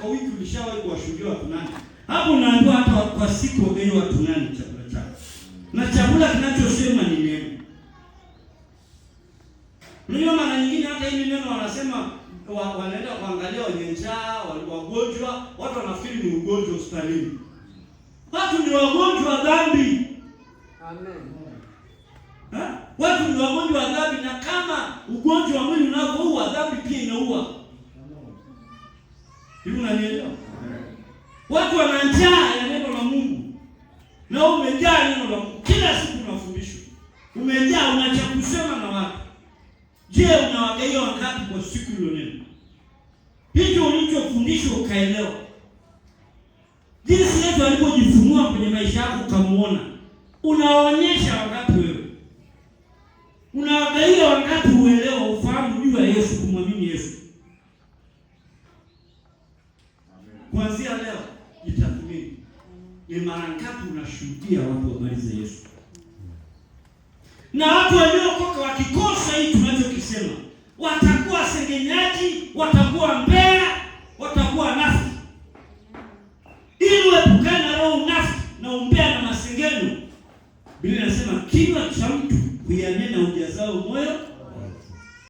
kwa wiki ulishawahi kuwashuhudia watu nani? Hapo unaambiwa hata kwa siku bei watu nani chakula chako. Na chakula kinachosema ni neno. Unajua mara nyingine hata hili neno wanasema wa, wanaenda kuangalia wenye njaa, wagonjwa, watu wanafikiri ni ugonjwa hospitalini. Watu ni wagonjwa dhambi. Amen. Ha? Watu ni wagonjwa wa dhambi na kama ugonjwa wa mwili unavyoua, dhambi pia inaua. Hivi unanielewa? Watu wana njaa ya neno la Mungu. Na wewe umejaa neno la Mungu. Kila siku unafundishwa. Umejaa unacha kusema na watu. Je, unawagawia wakati kwa siku hilo neno? Hicho ulichofundishwa ukaelewa. Jinsi Yesu alipojifunua kwenye maisha yako ukamuona. Unawaonyesha wakati wewe? Unawagawia wakati uelewa ufahamu kuanzia leo jitathmini, ni mara ngapi unashuhudia watu wamalize Yesu? Na watu waliokoka wakikosa hii tunachokisema, watakuwa wasengenyaji, watakuwa mbea, watakuwa nafsi. Ili uepukane na roho nafsi na umbea na masengeno, Biblia inasema kinywa cha mtu huyanena ujazao moyo